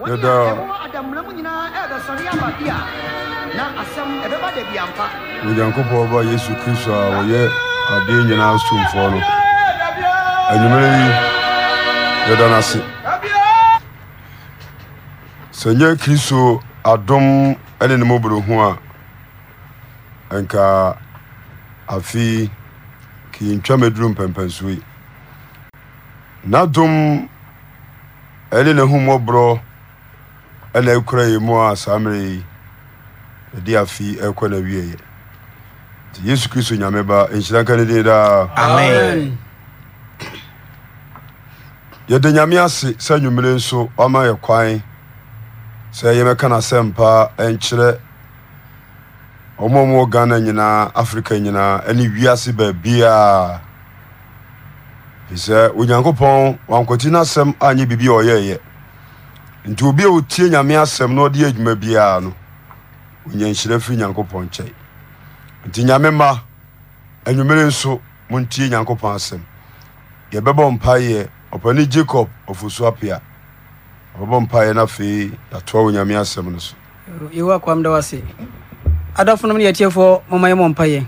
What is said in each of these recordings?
wɔne a ɛwɔ adamulam nyinaa ɛbɛsɔre aba bi a na asɛm ɛbɛba da bi ampa onyankopɔn ba yesu kristo a wɔyɛ adeɛ nyinaa somfoɔ no anwummerɛ yi yɛda no ase sɛ nyɛ kristo adom ne ne mɔborɔ ho a ɛnka afei kiyintwa maduru mpɛmpɛnsoe n'adom ɛne ne ho mmɔborɔ ɛna ekura yi mu a saa mmerɛ yi ɛde afi ɛkɔ na wie yɛ nti yesu kristo nyame ba nhyira nka ne din daa amen yɛde nyame ase sɛ nwummere nso ɔma yɛ kwan sɛ yɛmɛka n'asɛm pa ɛnkyerɛ ɔmo a ɔmo ghana nyinaa africa nyinaa ɛne wiase baabiaa sɛ onyankopɔn wankɔti n'asɛm anyɛ biribi a ɔyɛɛyɛ nti obi a otie nyame asɛm na ɔde adwuma biara no ɔnya nhyira firi nyankopɔn nkyɛn nti nyame ma anwumere nso montie nyankopɔn asɛm yɛbɛbɔ mpaeɛ ɔpani jacob ɔfosu apea ɔbɛbɔ mpaeɛ no afei yɛatoa wo nyame asɛm no so yɛwɔ akwam da wase adɔfonom ne yɛtiefoɔ moma yɛmɔ mpayɛ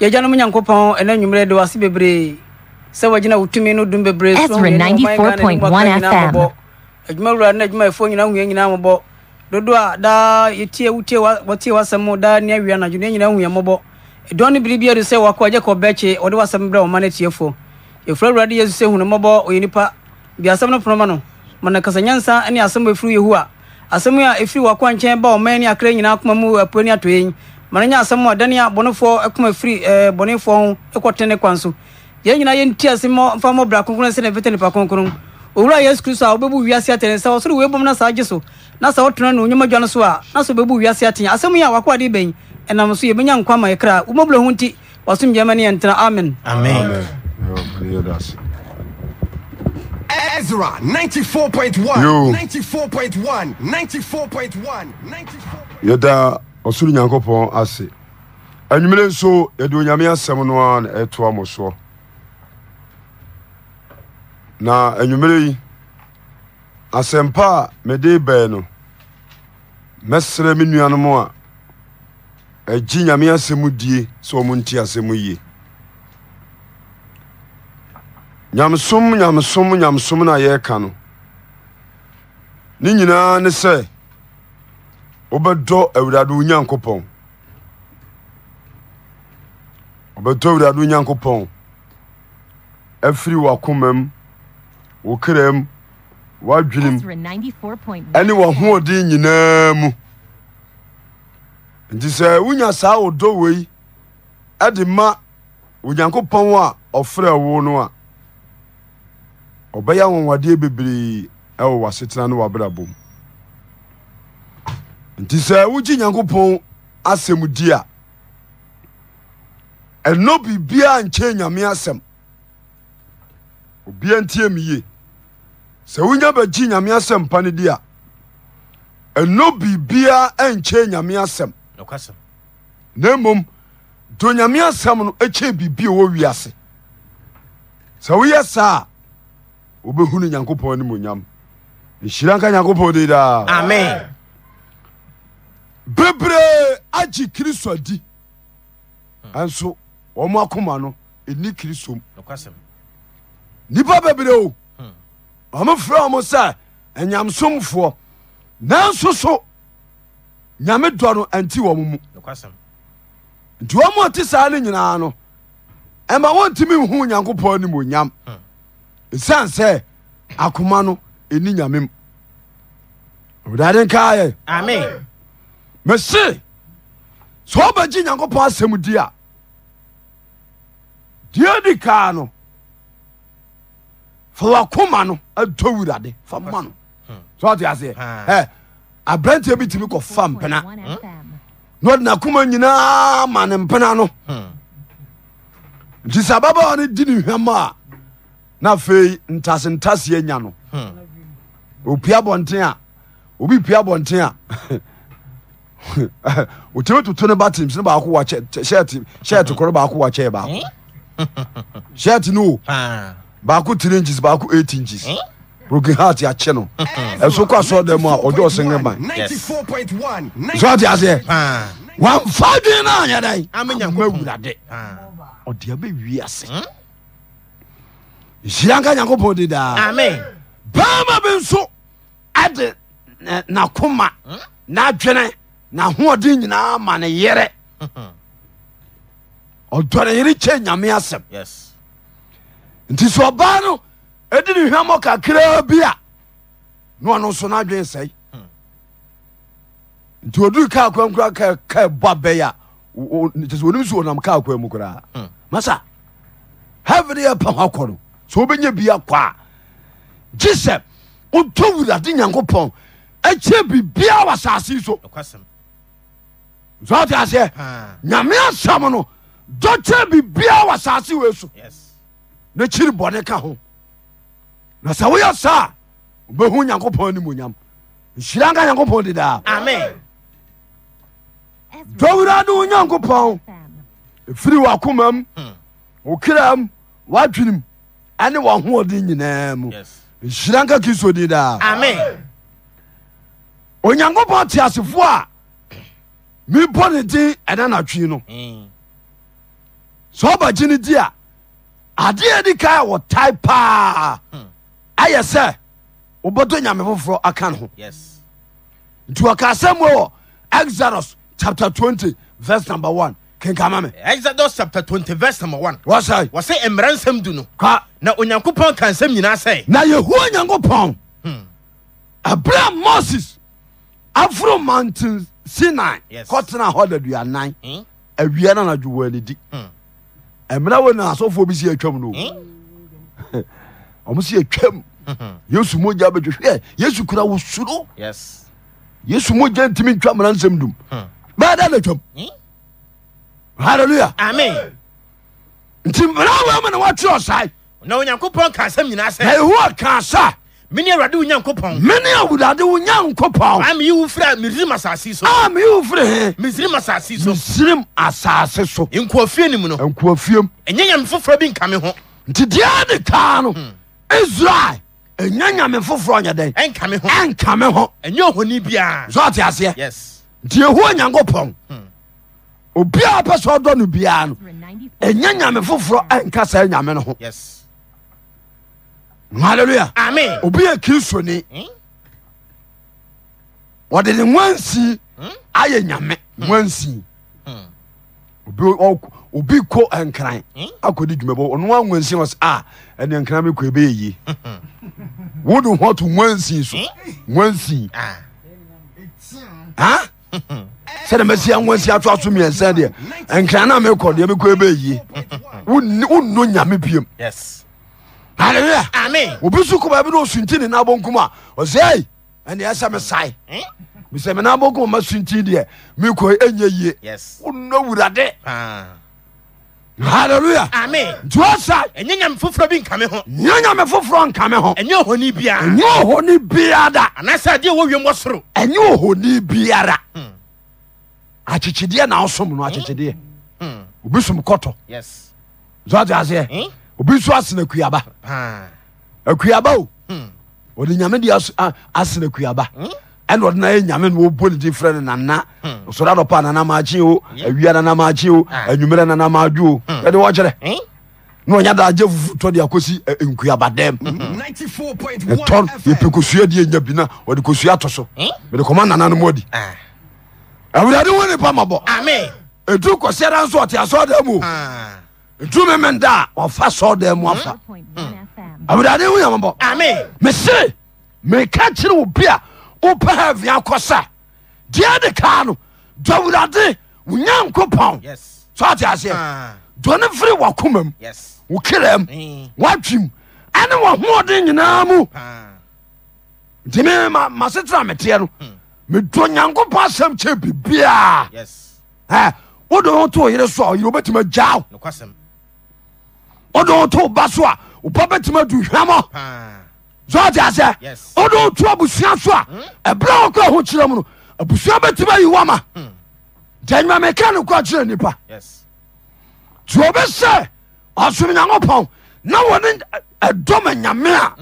yɛgyanom nyankopɔn ɛna nnwumerɛ de wase bebree sɛ wagyina wo tumi no dum bebree so adwuma wura ne adwumayɛfoɔ nyinaa huɛ nyinaa mmɔbɔ dodo a daa yɛtie wotie wɔtie w'asɛm mu daa ne awia anadwo ne nyinaa huɛ mmɔbɔ ɛdɔn ne biribi adu sɛ wakɔ agye kɔ bɛkye wɔde w'asɛm brɛ wɔma no atiefoɔ yɛfura awurade yesu sɛ hunu mmɔbɔ ɔyɛ nipa biasɛm no ponoma no mana kasanyansa ne asɛm a ɛfiri yehowa asɛm a ɛfiri wakɔ nkyɛn ba ɔman ne akra nyinaa akoma mu apue ne atɔyɛn mana nyɛ asɛm a dane a bɔnefoɔ akoma firi eh, bɔnefoɔ ho ɛkɔtene kwan so yɛn nyinaa yɛnti asɛm mfa mmɔ bra kronkron sɛ ne nipa kronkron owura yesu kristo a wobɛbu wiase atɛne sɛ wɔsoro wei bɔm na saa gye so na sɛ wotena no onyama dwa no so a na sɛ wobɛbu wiase atene asɛm yi a wakoade bɛn ɛnam so yɛbɛnya nkwa ma yɛkra womɔbrɛ ho nti wasomgyama ne yɛntena amen Ezra 94.1 yɛda ɔsoro nyankopɔn ase anwumere nso yɛde onyame asɛm no a na ɛtoa mo soɔ na anwummere yi asɛmpa a mede bɛɛ no mɛsrɛ me nuanom a agyi nyame asɛm die sɛ ɔmo nti asɛm yie nyamesom nyamesom nyamesom no a yɛreka no ne nyinaa ne sɛ wobɛdɔ awurade wo nyankopɔn wobɛdɔ awurade wo nyankopɔn afiri w'akoma mu wo kra mu w'adwenem ɛne w'ahoɔden nyinaa mu nti sɛ wonya saa wo dɔ wei ɛde ma onyankopɔn a ɔfrɛ wo no a ɔbɛyɛ anwanwadeɛ bebree ɛwɔ w'asetena no w'abrabɔ mu nti sɛ wogye nyankopɔn asɛm di a ɛnɔ biribiaa nkyɛ nyame asɛm obia ntie me yie sɛ wonya bɛgye nyame asɛm pa no di a ɛno biribiaa ɛnkyɛ nyame asɛm na mmom do nyame asɛm no ɛkyɛ biribi a ɛwɔ wiase sɛ woyɛ saa a wobɛhunu nyankopɔn animonyam nhyira nka nyankopɔn de daa amen bebree agye kristo adi ɛnso wɔn akoma no ɛni kristo mu nnipa bebree o ɔmofrɛ mo sɛ anyamsomfoɔ nanso so nyame dɔ no anti wɔ mu nti wɔma ɔte saa no nyinaa no ɛma wɔntimi nhu onyankopɔn anim onyam ɛsiane sɛ akoma no ɛni nyame mu dade nkaayɛ amen mese sɛ wɔbɛgye nyankopɔn asɛm di a deɛ di kaa no fawakoma no atɔ wurade fa ma no sɛ ɔte aseɛ aberanteɛ bi tumi kɔfa mpena hmm. na ɔde nakoma nyinaa ma ne mpena no hmm. nti sɛ ababaawa no di ne hwam a na afei ntasentaseɛ nya no hmm. opia bɔnten a obi pia bɔnten a otumi toto ne ba tim sene baako wakyɛ hyɛɛte koro baako wakyɛɛ baako hyɛɛte eh? no baako three inches baako eight inches hmm? broken heart yàkyẹ no ẹsọ kọ asọ dẹ mu a ọjọ ọsẹ ń gbà sọ ti aseɛ wà nfa dùn náà yẹ dẹ amẹwuradẹ ọdí abẹ wi ase nhyira hmm? nka nyanko pọ di daa bẹẹma bi nso ẹdi n'akoma n'adwene hmm? n'ahoɔden nyinaa ma ne yɛrɛ ɔdɔ ne nyame asɛm. Yes. nti sɛ ɔbaa no ɛdi ne hwamɔ kakraa bi a na ɔno nso no adwen sɛe nti oduru kar kwan kora ka bɔ bɛyɛ a kyɛ sɛ onim ɔnam kar kwan mu koraa hmm. masa heaven yɛ pa ho akɔ no sɛ wobɛnya bi akɔ a gye sɛ wotɔ wurade nyankopɔn akyɛ biribiaa wɔ asase yi so so ɔte aseɛ nyame asɛm no dɔkyɛ biribiaa wɔ asase wei so yes na kyiri bɔne ka ho na sɛ woyɛ saa wobɛhu nyankopɔn nimonyam nhyira nka nyankopɔn dedaa amen dɔwura ne wo nyankopɔn ɛfiri wakoma m hmm. wo kra m wadwenem ɛne wahoɔden nyinaa mu nhyira nka kristo din amen onyankopɔn te asefoɔ a mebɔ ne din ɛna natwii no hmm. sɛ ɔba gye ne di a adeɛ di ka wɔtae paa ayɛ sɛ wobɛdɔ nyame foforɔ aka ne ho nti wɔka asɛm wɔ exodus chapter 20 verse number 1 kenkama me exodus chapter 20 verse number 1 wɔsɛe wɔsɛ mmara nsɛm du no na onyankopɔn ka nsɛm nyinaa sɛe na yɛhua onyankopɔn hmm. ɛberɛ a moses aforo mountain sinai kɔtena hɔ da duanan hmm. awia no anadwo wɔ anidi hmm ɛmena wɔ na asɔfoɔ bi si atwam no ɔmo eh? si atwam yesu mogya bɛtwehwɛ yesu kura wo suro yesu mogya ntimi ntwa mmara nsɛm dum bɛɛda hmm. na atwam eh? halleluya amen nti mmara wɔ ma na wɔatwerɛ ɔsae na onyankopɔn ka asɛm nyinaa sɛ na ɛhoa ka sa mene awurade wo nyankopɔn mene awurade wo nyankopɔn a meyi wo firi a mesirim asase so a meyi wo firi he mesirim asase so mesirim asase so nkuafie nim no nkuafiem ɛnyɛ nyame foforɔ bi nka me ho nti de kaa no hmm. israel ɛnyɛ nyame foforɔ nyɛ dɛn ɛnka me ho ɛnka me ho ɛnyɛ ohoni biara so aseɛ yes nti yɛhoa nyankopɔn hmm. obiaa pɛ sɛ ɔdɔ no biara no ɛnyɛ nyame foforɔ ɛnka saa nyame no ho yes halleluya amen obi yɛ kristoni hmm? wɔde ne wansi hmm? ayɛ nyame hmm. wansi obi obi ko nkran akɔdi dwumabɔ ɔno wa wansi wɔ sɛ a ɛne nkran mi kɔ ebe yie wode ho to wansi so wansi Ah. sɛde mɛsi anwansi ato aso miɛnsa deɛ nkran na mekɔ deɛ mekɔ ebe yie wonno nyame biem yes hallelujah amen obi so kɔ baabi na osunti ne nabɔ nkum a ɔsɛ ei ɛne ɛsɛ me sae eh? mesɛ me nabɔ nkum ma sunti deɛ mekɔ ɛnyɛ yie wonna wurade ah. hallelujah amen nti sa. ɛnyɛ nyame foforɔ bi nka me ho nyɛ nyame foforɔ nka me ho ɛnyɛ ohoni biara ɛnyɛ ohoni biara da anaasɛ adeɛ wɔ wiem wɔ soro ɛnyɛ ohoni biara hmm. akyekyedeɛ na wosom no akyekyedeɛ hmm. hmm. obi som kɔtɔ so ate aseɛ eh? obi nso asena kuyaba akuaba o hmm. ɔde nyame de asena akuaba hmm? ɛna ɔde na yɛ nyame na wɔbɔ ne din frɛ no nana hmm. ɔsɔre adɔpa nanamakye o awia nanamakye o anwummerɛ nanamadwo o ɛde wɔkyerɛ na ɔnya da agye fufu tɔ de akɔsi nkuaba dɛm ɛtɔ yɛpɛ kosua deɛ nya bi na ɔde kosua ato so mede kɔma nana no mɔdi awurade ho nipa mabɔ ɛtu kɔsiɛda nso ɔte asɔda mu o ntumi mi da a ɔfa sɔɔ dɛ mu afa awurade hu yamabɔ amen mesere meka kyerɛ wo bi a wopɛ ha avia kɔ sa deɛ de kaa no dɔ awurade wo nyankopɔn so ate aseɛ dɔne ah. firi wakoma mu wo kram woadwim ɛne wɔhoɔden nyinaa mu nti ah. me masetera meteɛ no hmm. medɔ nyankopɔn asɛm kyɛ biribiaa eh, wode ho to wo yere so a ɔyere wobɛtumi agyaw wode woto ba so a woba bɛtumi adu hwamɔ sotasɛ wode woto abusua so a ɛberɛ hmm? wɔkɔ ho kyerɛ mu no abusua bɛtumi ayi wama hmm. nti anwuma meka ni kɔ kyerɛ nipa nti obɛsɛ ɔsom nyankopɔn na wɔne ɛdɔma nyame a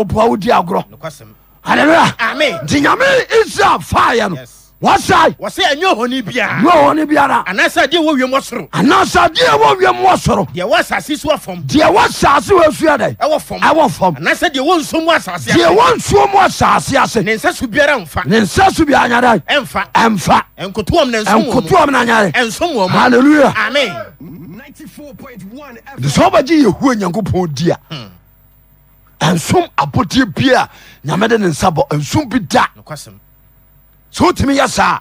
ɔboa hmm? wo di agorɔ halleluya nti nyame israel faayɛ no wɔsae wɔsɛ ɛnyɛ ɔhɔne biara ɔhɔne biara anaasɛ deɛ ɛwɔ wiem soro anaasɛ deɛ ɛwɔ wiem wɔ soro deɛ ɛwɔ asase so afam deɛ ɛwɔ asase wɔ asua dɛ ɛwɔ fam ɛwɔ fam anaasɛ deɛ ɛwɔ nsuo mu asase ase deɛ ɛwɔ nsuo mu asase ase ne nsa so biara mfa ne nsa so biara nya dɛ ɛmfa ɛmfa ɛnkotoam na nsɔm wɔm ɛnkotoam na nya dɛ ɛnsɔm wɔm hallelujah amen de sɛ wɔbɛgye yɛhua nyankopɔn di a ɛnsom hmm. abodeɛ bi a nyame de ne nsa bɔ ɛnsom bi da sɛ wotumi yɛ saa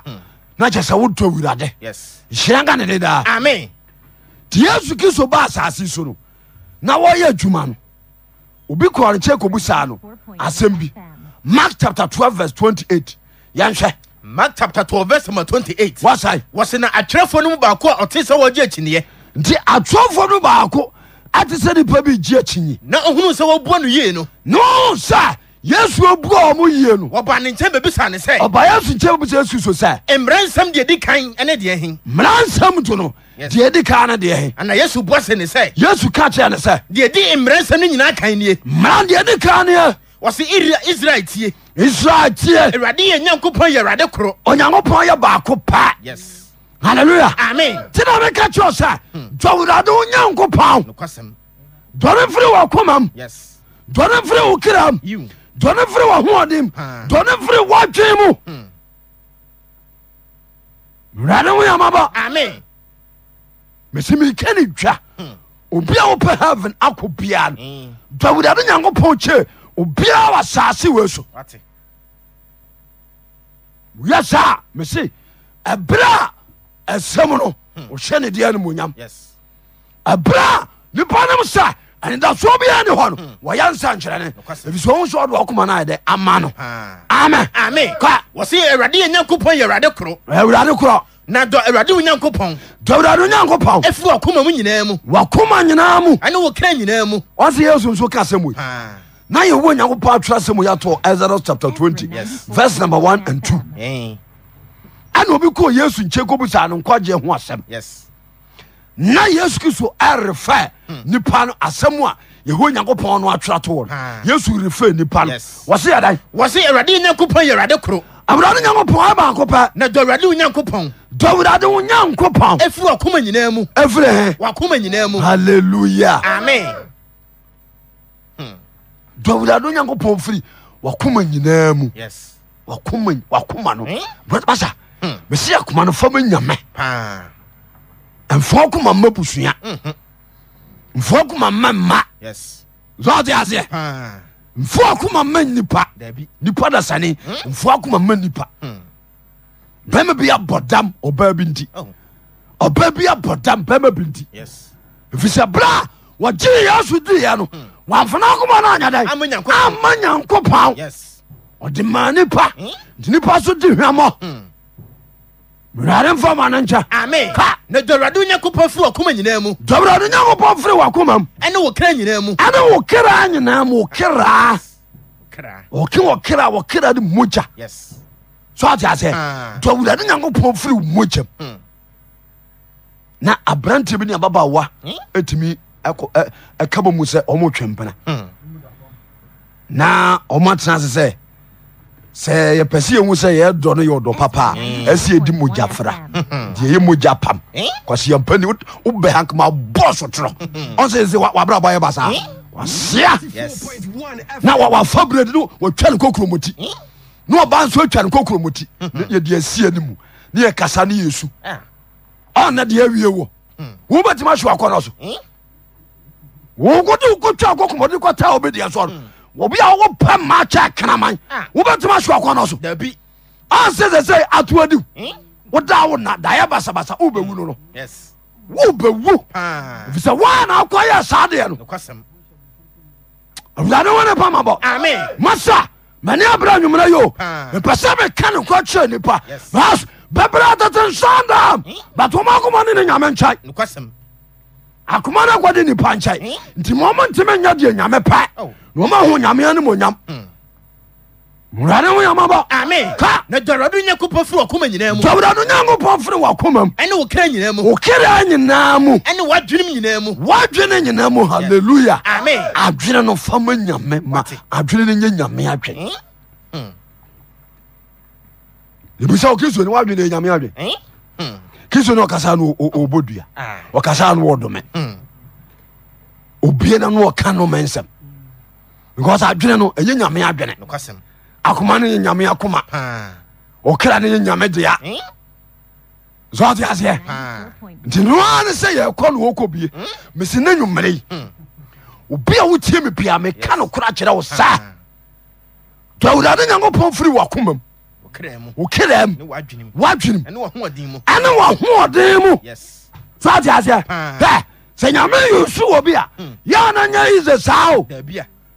na kyɛ sɛ wodɔ awurade nhyira nka ne de daa nti yesu kristo baa asase so no na wɔyɛ adwuma no obi kɔre nkyɛ kɔbu saa no asɛm bi mark chapter twelve verse twenty 28 yɛnhwɛ mark chapter twelve verse number 28 wasae wɔse na atwerɛfoɔ no mu baako a ɔte sɛ wɔgye akyineɛ nti atwerɛfoɔ no baako ate sɛ nipa bi gye akyinyi na ɔhunu sɛ wɔbua no yie no no sɛ yesu obua ɔmo yie no wɔba ne nkyɛn bɛbisa ne sɛ ɔba yesu nkyɛn bɛbisa yesu so sɛ mmara nsɛm deɛ di kan ne deɛ he mmara nsɛm to no deɛ di kan ne deɛ he ana yesu bua se ne sɛ yesu ka kyerɛ ne sɛ deɛ di mmara nsɛm no nyinaa kan nie mmara deɛ di kan neɛ wɔse israel tie israel tie awurade yɛ nyankopɔn yɛ awurade koro onyankopɔn yɛ baako pa yes hallelujah amen ti na meka kyerɛ sɛ hmm. dɔwurade wo nyankopɔn dɔre firi wɔ koma m dɔre firi wo kram dɔne fere wɔhoɔdem dɔne fere wɔdwen mu wurade hmm. ho yamabɔ mesi meka ne dwa hmm. obia wopɛ heaven akɔ biaa no hmm. dɔ wurade nyankopɔn kyee obiaa wɔasase wei so woyɛ saa mese ɛberɛ a ɛsɛm no ɔhyɛ ne deɛ no muonyam ɛberɛ a nipa nom sa anidasoɔ biaa hmm. ne hɔ no wɔyɛ nsa nkyerɛ ne ɛfisɛ ɔhu sɛ ɔde ɔkoma no ayɛdɛ ama no amen ame ka wɔse awurade yɛ nyankopɔn yɛ awurade korɔ awurade korɔ na dɔ awurade wo nyankopɔn dɔ awurade wo nyankopɔn ɛfiri wakoma mu nyinaa mu wakoma nyinaa mu ɛne wo kra nyinaa mu ɔse yesu nso ka sɛ mui na yɛwo nyankopɔn atwerɛ sɛ mu yɛtɔ exodus chapter twenty, verse number one and 2 ɛna obi kɔɔ yesu nkyɛ kɔbusaa no nkɔgyeɛ ho asɛm yes na yesu kristo ɛrefɛ hmm. nipa no asɛm a yɛhɔ nyankopɔn no atwerɛ wɔ no yesu refɛ nipa no wɔse yɛdan wɔse awurade nyankopɔn yɛ awurade koro awurade nyankopɔn ɛbaako pɛ na dɔ awurade wo nyankopɔn dɔ awurade wo nyankopɔn ɛfiri wakoma nyinaa mu ɛfiri he wakoma nyinaa mu halleluya amen hmm. dɔ awurade wo nyankopɔn firi wakoma nyinaa mu wakoma no hmm? basa mesɛ yɛ koma no fama nyame mfa koma ma busua mfa koma ma mma sode aseɛ mfa koma ma nipa nipa da sani. Hmm? mfa koma ma nipa hmm. bɛma bi abɔ dam ɔbaa bi nti oh. ɔbaa bi abɔ dam bɛma bi nti ɛfisɛ berɛ a wɔgyee yesu diiɛ no hmm. wɔamfana akoma no anyada ama nyankopɔn ɔde ma nipa nti nipa so di hwamɔ wurade mfa ma no nkyɛ ame ka na dɔwurade onyankopɔn firi wakoma nyinaa mu dɔwurade onyankopɔn firi wakoma mu ɛne wo kra nyinaa mu ɛne wo kra nyinaa mu wo kraa ɔke wɔ kra wɔ kra de mogya so ate asɛ ah. dɔwurade nyankopɔn firi mogyam hmm. na aberanteɛ bi ne ababaawa ɛtumi hmm? ɛka bɔ mu sɛ ɔmo twempena hmm. na ɔmo atena ase sɛ sɛ yɛpɛ sɛ yɛhu sɛ yɛdɔ no yɛɔdɔ papa a mm. ɛsɛ yɛdi mogya fra deɛ yɛ mogya pam eh? kɔse yɛmpani wobɛ ha kama bɔ so torɔ ɔnsɛ sɛ wabrabɔ yɛ ba saa eh? wasea na wafa brɛdi no watwa ne kokuromɔti eh? na ɔba nso atwa ne kokuromɔti yɛde asie no mu ne yɛkasa ne yɛsu ah. ɔna deɛ awie wɔ hmm. wobɛtumi ahwe wakɔ no so wo nkɔde wokɔtwa akɔkomɔde kɔtaa wobɛdiɛ sɔ no hmm obi a wo pɛ maa kyɛ kraman ah. wobɛtumi aso akɔ no so dabi anse sɛ sɛ atoa di hmm? woda wo na dayɛ basabasa wobɛwu no no wobɛwu ɛfisɛ woa na akɔ yɛ saa deɛ no awurade wo ne pamabɔ masa mane abra nwumera yo mepɛ sɛ meka ne kɔ kyerɛ nipa bas bɛbrɛ tete nsandam hmm? but wɔma akoma ne ne nyame nkyɛe akoma no akɔde nipa nkyɛe hmm? nti ma ɔmo ntimi deɛ nyame pɛ oh wɔma ho nyamea no monyam wurade hmm. ho yamabɔ ame ka na dɔwurade nyankopɔn firi wakoma nyinaa mu dɔwurade nyankopɔn firi wakoma mu ɛne wo kra nyinaa mu wo kra nyinaa mu ɛne wadwenem nyinaa mu wadwene nyinaa mu halleluya ame adwene no fa ma nyame ma adwene no nyɛ nyame adwene hmm? hmm. ebisa wo kristo ni wadwene nyame adwene kristo ni ɔkasa no ɔbɔ dua ah. ɔkasa no wɔdome obie na no ɔka no ma nsɛm because adwene no ɛyɛ nyame adwene akoma no yɛ nyame akoma ɔkra no yɛ nyame dea hmm? so ate aseɛ nti noa ne sɛ yɛkɔ no wɔkɔ bie hmm? mesi ne nwummerei hmm. obi a wotie me pia meka no kora kyerɛ wo saa to awurade nyankopɔn firi wakoma mu wo kram woadwenem ɛne wɔhoɔden mu so ate aseɛ sɛ nyame yɛ su wɔ bi a yɛ na nyɛ yi sɛ saa o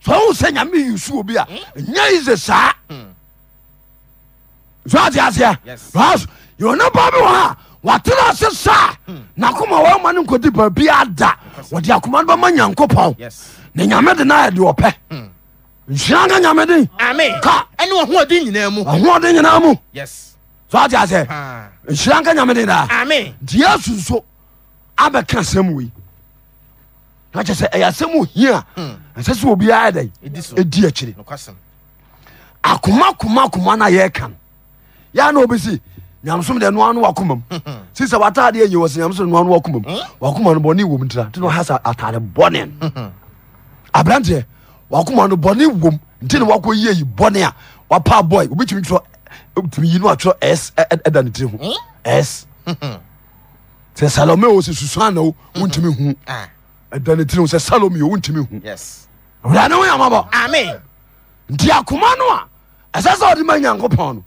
so wo sɛ nyame hmm? yi suo bi a ɛnya yi se saa hmm. so ate aseɛ bas yɛwɔne ba bi wɔ a watena ase saa hmm. na koma wɔma no nkɔdi baabia da wɔde akoma no bɛma nyankopɔn ne nyame de na ɛde ɔpɛ nhyira ka nyame den ɛne ɔhoɔden nyinaa mu ɔhoɔden nyinaa mu so ate aseɛ ah. nhyira nka nyame den daa nti yesu nso abɛka asɛm wei kyɛ sɛ ɛyɛ asɛm ohi a hmm. ɛsɛ sɛ obiaa dɛ ɛdi akyiri akoma koma koma no yɛka no yɛa na obɛsi nyamesom de noa no wakoma mu hmm. si sɛ watadeɛ ɛyɛ wɔ sɛ nyamesom noa no wakoma mu hmm? wakoma no bɔne wom ntira nti na ɔha sɛ atare bɔne no aberanteɛ wakoma no bɔne wom nti na wakɔ yie yi bɔne a wapa boy, wobɛtumi twerɛ tumi yi no atwerɛ s ɛda ne tiri ho s sɛ salome o sɛ susuana o wontumi hu ah ɛdane tiri sɛ salome owu ntimi hu wurade ho yamabɔ amen nti akoma no a ɛsɛ sɛ ɔde ma nyankopɔn no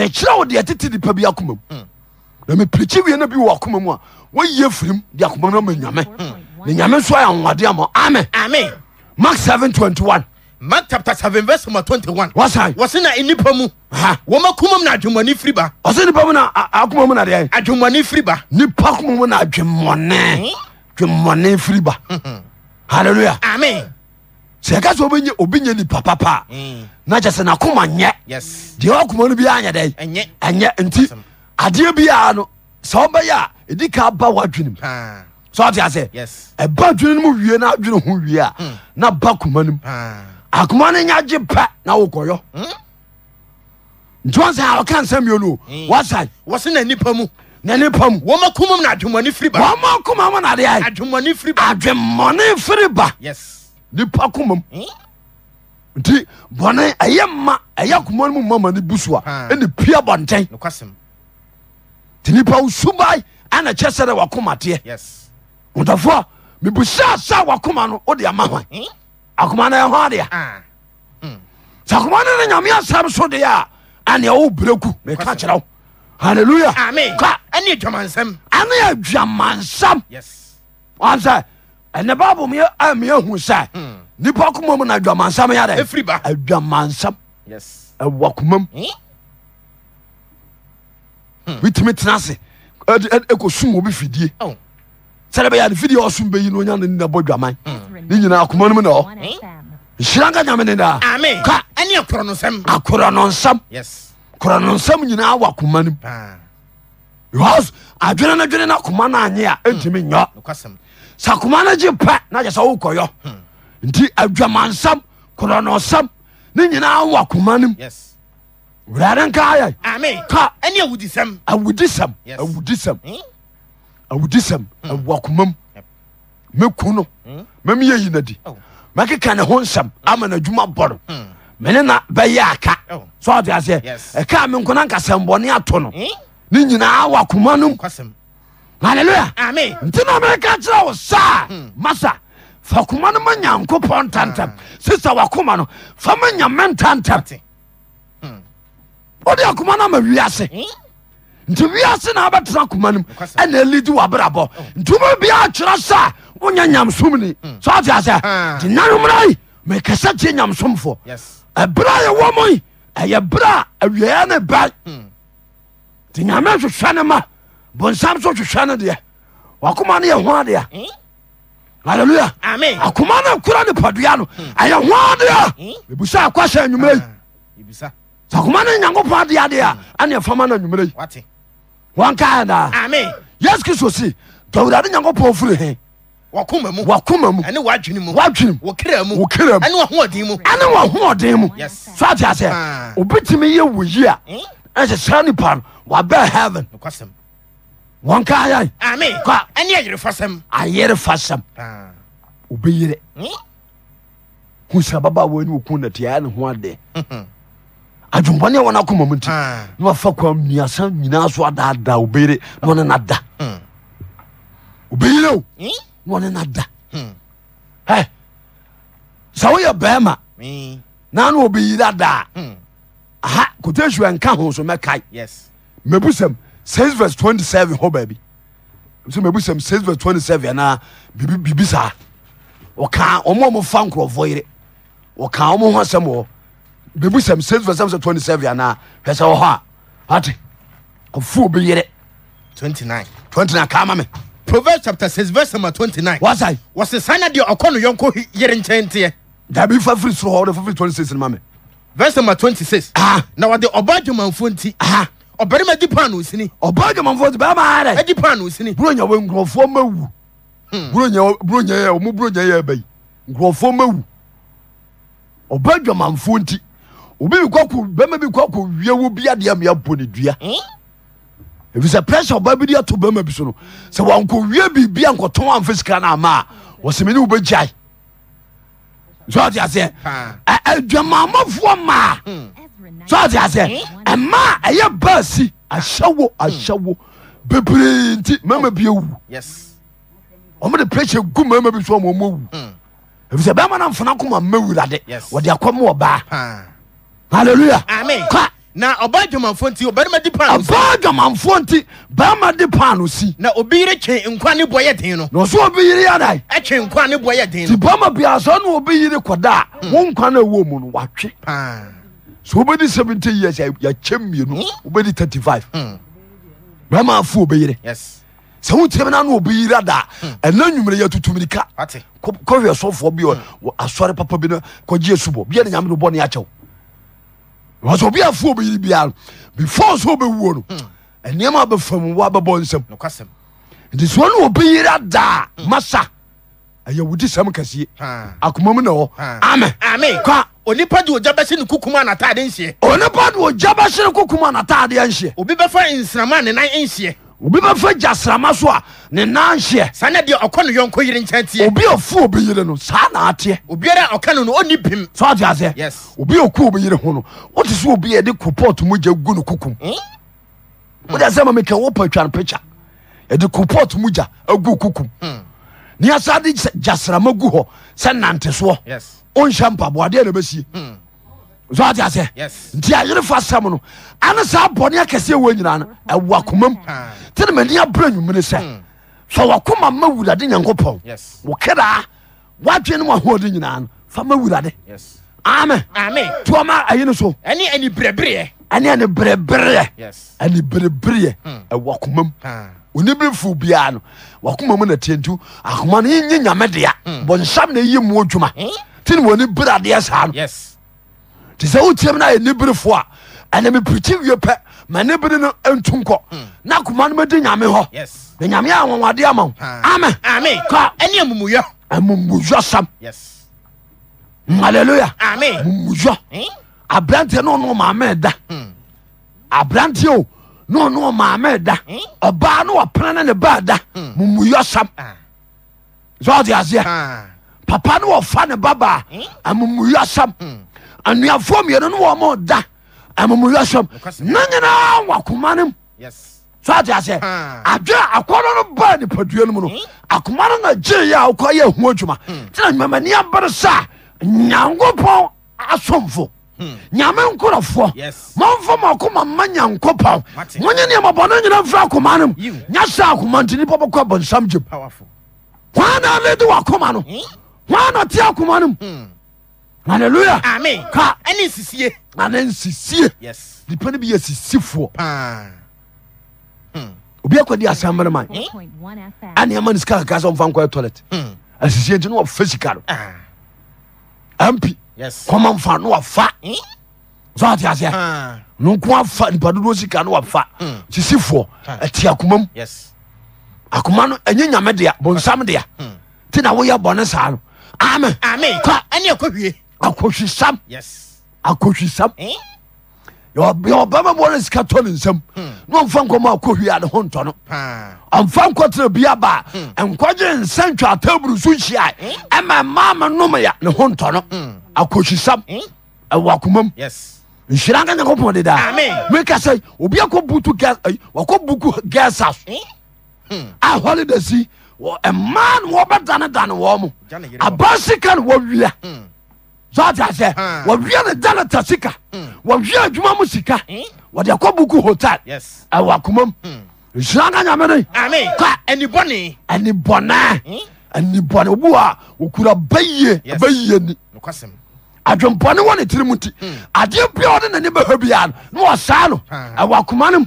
mekyerɛ wo deɛ tete nipa bi akoma mu na mepirikyi wie no bi wɔ akoma mu a wɔyie firim de akoma no ma nyame ne nyame nso ayɛ ahoɔde amɔ amen amen mark 721 mark chapter 7 verse number 21 wasan wɔse na nnipa mu wɔma kuma mu na adwemmɔne firi ba ɔse nipa mu na akoma mu na deɛ adwemmɔne firi ba nipa koma mu na adwemmɔne twemmɔne firi ba mm-hmm. halleluya amen sɛ ɛka sɛ obɛnya obi nya nipa papa mm. na kyɛ sɛ nakoma nyɛ deɛ wakoma no biaa nyɛ dɛ ɛnyɛ nti adeɛ biaa no sɛ wobɛyɛ a ɛdi ka ba woadwenem sɛ wote asɛ ɛba adwene no mu wie na adwene ho wie a mm. na ba koma no mu akoma no nya gye pɛ na wokɔyɔ mm. nti wansan a wɔka nsɛm yɛ no o wasan wɔse na nipa mu ne ne pam wɔma kumam na adwemmɔne firi ba wɔma kuma mu nade ai adwemmɔne firi ba adwemmɔne firi ba yes nipa kumam eh? nti bɔne ɛyɛ ma ɛyɛ kuma mu mama ne bu so a ah. ɛne pia bɔnten nokwasɛm nti nipa wo subae ana kyɛ sɛ dɛ wakomateɛ yes ntɔfoɔ mibusia, sa wakoma no wode ama hwan eh? akoma no ɛhɔ adea ah. hmm. sɛ akoma no ne nyame asɛm so deɛ a aneɛ wo berɛ ku meka kyerɛ wo halleluya ka ɛne adwamansɛm ɛne adwamansɛm ɔn sɛ ɛnɛ bible mu meahu sɛ hmm. nipa koma mu na adwamansɛm yɛdɛ ɛfiri ba adwamansɛm ɛwɔ koma mu hmm? Hmm. witumi tena ase ɛkɔsum wɔ bi fidie oh. sɛde bɛyɛ ne fidie ɔsom bɛyi no ɔnya ne nnabɔ dwaman ne nyinaa akoma no mu na ɔ nhyira nka nyame ne daa ka ɛne akorɔ no nsɛm akorɔ no nsɛm korɔ no nsɛm nyinaa wɔ akoma no mu ah because adwene no dwene no akoma no anye a ɛntimi nyɔ sɛ akoma no gye pɛ na kyɛ sɛ wokɔyɔ hmm. nti adwamansɛm korɔnɔsɛm ne nyinaa wɔ akoma no m wurade nka yɛ awudisɛm awudisɛm awudisɛm hmm. Hmm. ɛwɔ akoma m mɛku no mamyɛ yi no di oh. mɛkeka ne ho nsɛm ama no adwuma bɔ no mene na bɛyɛ aka oh. sɛ ɔde aseɛ ɛkaa me nkona nkasɛmbɔne ato no ne nyinaa wa koma no m alleluya nti na meka kyerɛ wo saa hmm. masa fa koma no ma nyankopɔn ntantam ah. sisa wakoma no fa ma nyame ntantam hmm. wode akoma no ama wiase eh? nti wiase na wabɛtena koma nom ɛna lidi wabrabɔ oh. nti woma biaa kyerɛ sa wonya nyamsom ni hmm. so ate asɛ ah. nti nanomrai mekɛsɛ tie nyamsomfoɔ ɛberɛ a yɛwɔ moi ɛyɛ berɛ a awieɛ ne bɛn nti nyame hwehwɛ ne ma bonsam so hwehwɛ no deɛ wakoma no yɛ ho adea hmm? aleluya akoma no akura nipadua no ɛyɛ ho adea hmm? ebusa akɔhyɛ anwummerɛ yi ah, sɛ akoma no nyankopɔn adea deɛ a hmm. ɛne ɛfama no anwummerɛ yi wɔnkaɛ daa yesu kristo si dawurade nyankopɔn firi he wakoma mu wakoma mu ɛne wadwene mu wadwene mu mu wokira mu ɛne wahoɔden mu ɛne wahoɔden mu so ate aseɛ ah. obi tumi yɛ wo yi a ɛsɛ saa nipa no wabɛ heaven nokwasɛm wɔn ka ayɛ ami kɔ ɛni ayere fasɛm ayere fasɛm obɛyere kun sɛ ababaawa ni okun na tia ne ho hmm. adeɛ adwumbɔne a wɔn akoma mu nti ah. na wafa kwan mmiasa nyinaa so adaadaa obere na wɔne na da obere o na wɔne na da ɛ sɛ woyɛ bɛrima na na obere da daa kotasua nka ho so Yes. mabusɛm 6 vs 27 hɔ baabi sɛ mabusɛm 6 vs 27 anaa biribi saa ɔka ɔmo ɔmo fa nkurɔfoɔ yere ɔka ɔmo ho asɛm wɔ mabusɛm 6 vs 7 27 anaa hwɛ sɛ wɔ hɔ a ate ɔfuo bi yere 29 29 kaa ma me proverbs chapter 6 verse number 29 wasae wɔse saa na deɛ ɔkɔ no yɔnko yere nkyɛn teɛ dabi fa firi soro hɔ wɔde fa firi 26 no ma me verse number twenty six. na wɔde ɔbaa dwamanfoɔ nti ɔbarima di paanu sini. ɔbaa dwamanfoɔ ti bɛɛ maa dɛ. ɛdi paanu sini. buronya wo nkurɔfoɔ ma wu. buronya hmm. buronya yɛ ɔmu buronya yɛ ɛbɛ yi nkurɔfoɔ ma wu. ɔbaa dwamanfoɔ nti obi bi kɔkɔ bɛrima bi kɔkɔ wia wo bi adeɛ mi abɔ ne dua. Hmm? efisɛ pressure ɔbaa bi de ato bɛrima bi so no sɛ wɔn nkɔ wia biribi a nkɔtɔn anfa sika na ama a wɔsɛmɛ ni wo bɛ gya yi sọọti aseɛ adwamamafoɔ maa sọọti aseɛ ɛmaa ɛyɛ baasi ahyɛwo ahyɛwo bebree nti mɛma bi ewu wɔn de pressure gu mɛma bi so wɔn mo wu hmm. efisɛ bɛrima na nfana kɔn mu a mɛwura de wɔde akɔ mu wɔ baa hallelujah kɔ na ɔbaa dwamanfoɔ nti ɔbarima di pan abaa dwamanfoɔ nti bɛrima de pan no si na obi yere twe nkwa ne boɔ yɛ den no na ɔsɛ obi yere yɛdae ɛtwe nkwa ne boɔ yɛ den nti no bɛrima biaa sɛ ne obi yere kɔda a mm. wo nkwa no ɛwɔ mu no watwe paa so wobɛdi 70 years hmm? hmm. a yɛkyɛ mmienu wobɛdi 35 bɛrima afo obɛyere yes sɛ wotiam no na obi yere da a hmm. ɛna nwumerɛ yɛ atutumirika kɔhwɛ sɔfoɔ bi asɔre papa bi no kɔgye asubɔ bia ne nyame no bɔne akyɛw because obi afu obi yiri bia before so obi wuo no hmm. nneɛma abɛfam wa abɛbɔ nsɛm nti sɛ ɔne obi yiri adaa hmm. masa ɛyɛ wodi sɛm kɛseɛ akoma mu na hɔ amen ka onipa de ogya bɛhyɛ ne kukum anataade nhyeɛ onipa de ogya bɛhyɛ ne kukum anataadeɛ nhyeɛ obi bɛfa nsrama ne nan nhyeɛ obi bɛfa gya srama so a ne nanhyeɛ saa na deɛ ɔkɔ no yɔnkɔ yere nkyɛn teɛ obi ɔfu obi yere no saa naateɛ obiara a no no ɔnni bim so ate aseɛ Yes. obi ɔku obi yere ho no wote sɛ obi yɛde kopɔt mu gya gu no kokum hmm? wode sɛ ma meka wopa atwa no pikya yɛde kopɔt mu gya agu kokum hmm. neasa de gya gu hɔ sɛ nante soɔ yes ɔnhyɛ mpaboadeɛ na bɛsie hmm sotasɛ nti ayere fa sɛm no ane saa bɔne akɛseɛ wɔ nyinaa no ɛwa komam ah. tine mani abra nwumene sɛ hmm. sɛ wɔkoma ma wurade nyankopɔn wokedaa woadwe no wahode nyinaa no fa ma wurade ame tuɔma ayi no so ɛne aniberebereɛ ɛne aniberebereɛ aniberebereɛ hmm. ɛwa komam ah. onibiri fi biara no wakoma mu na tie nti akoma no yenye nyame dea hmm. bɔnsam na ɛyɛ mu odwuma eh? tine wɔni bere adeɛ saa no nti sɛ wotiam no ayɛ niberefoɔ a ɛnɛ mepirikyi wie pɛ ma ne no ntu nkɔ mm. na koma no mɛdi nyame hɔ na nyame a anwanwadeɛ ama wo ame ɛne amumuyɔ amumuyɔ sam aleluya mumuyɔ eh? aberanteɛ ne ɔno maame da hmm. aberanteɛ o ne ɔno maame da eh? ɔbaa ne ɔpena ne ne baa da hmm. mumuyɔ sam ah. sɛ ɔde aseɛ ah. papa ne wɔfa ne babaa eh? amumuyɔ sam anuafoɔ mmienu no wɔ mo da amamuyɛ sɛm na nyinaa wɔ akoma no m so ate aseɛ ah. adwene akɔdɔ no baa nipadua no mu no eh? akoma no na gyee yɛ a wokɔ yɛ ho adwuma ntina hmm. nwamani abere sɛ a nyankopɔn asomfo hmm. nyame nkorɔfoɔ mamfa ma akoma ma nyankopɔn monye neɛmabɔne nyina mfiri akoma no m nya sɛ akoma nti nipa bɛkɔ abɔnsam gyem hwan na lede wɔ akoma no eh? hwan na ɔte akoma no m hallelujah amen ka ɛne nsisie ɛne nsisie yes nipa no bi yɛ sisifoɔ paa hmm. obi akɔdi asɛm mmerɛ man ɛne hmm? ɛma ne sika kakra sɛ ɔmfa nkɔyɛ toilet hmm. asisie nti ne wɔfa sika no ampi ah. kɔma mfa ne fa. so ate aseɛ ah. no nko afa nipa dodoɔ sika ne fa. sisifoɔ ah. ɛte akoma mu akoma no ɛnyɛ nyame dea bonsam dea nti na woyɛ bɔne saa no amen ɛne ɛkɔ hwie akɔhwisam akɔhwisam eh? ɔbɛma bɔre sika tɔ ne nsam hmm. na ɔmfa nkɔma akɔhwi ade ho ntɔ no ɔmfa nkɔtena bia baa hmm. nkɔgye nsa ntwa ataburu so nhyia eh? ɛma ma me nomya ne ho ntɔ no hmm. akɔhwisam eh? ɛwɔ akomam nhyira nka nyankopɔn dedaa meka sɛ obi akɔbutu wakɔbuku gasa so a holiday si ɛmaa no wɔbɛdanedane wɔ mo aba sika no wɔwia sọtasẹ wọwia ne dalata sika mm. wọwia adwuma mu sika eh? wɔde akɔ buku hotel ɛwɔ akoma mu mm. nhyira ka nyame ka anibɔne anibɔne eh? anibɔne obi wa okura bɛyie bɛyie ni adwempɔne wɔ ne tiri mu ti mm. adeɛ bia ɔde n'ani bɛhɛ bia no na wɔsaa no ɛwɔ akoma no mu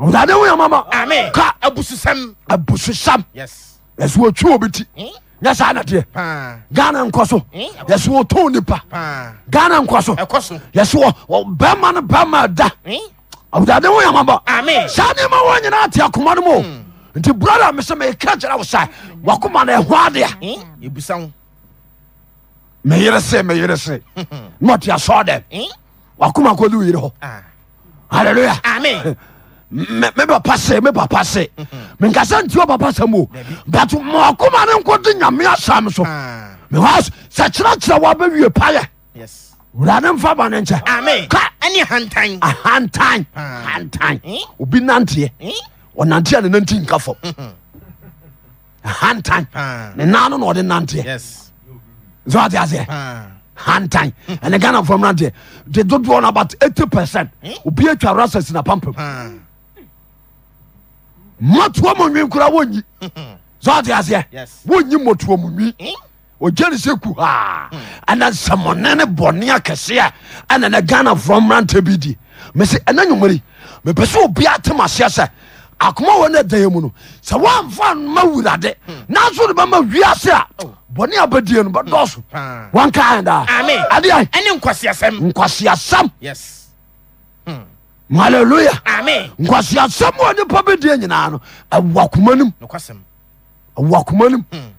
ɔwurade ho yamama ka abususɛm abususɛm ɛsɛ wɔtwi wɔ bi ti eh? nyɛ saa nadeɛ ghana nkɔ so eh? yɛsɛ wɔtɔn nipa ghana nkɔ so yɛsɛ bɛma no bɛma da eh? awudade ho yamabɔ saa nneɛma wɔ nyinaa te akoma no mu hmm. nti brada mesɛ meka kyerɛ wo sa wakoma no ɛho adea eh? meyere se meyere se na ɔte asɔ dɛm wakoma kɔde wo yere hɔ ah. halleluya me papa se me papa se menkasa ntiwa papa sɛ mo but maakoma ne nkɔde nyame asam so because ah. sɛ kyerɛkyerɛ woabɛwie payɛ wurade mfa bɔne nkyɛ ahantan hantan ah. eh? obi nanteɛ ɔnanteɛ eh? ne nanti nka ah. fam hantan ne nan no na ɔde nanteɛ sɛ ate aseɛ hantan ɛne from mranteɛ de dodoɔ no about 80 percent eh? obi atwa rasa sina pampam matuo mu nwi nkora wonyi sọọti aseɛ wonyi matuo mu nwi hmm? ogyeri se ku haa hmm. ɛna nsɛmɔne ne bɔne akɛseɛ ɛna ne ghana frɔ mmerante bi di mesi ɛna nwumeri mepɛ sɛ obiara tem aseɛ sɛ akoma wɔ ne dan mu no sɛ wɔamfa ma wurade hmm. nanso ne bɛma wiase a oh. bɔne a bɛdie no bɛdɔɔso wɔnka daa ɛne nkwaseasɛm nkwaseasɛm halleluya nkwaseasɛm wɔ nipa bɛdiɛ nyinaa no ɛwa koma nim ɛwa koma nim hmm.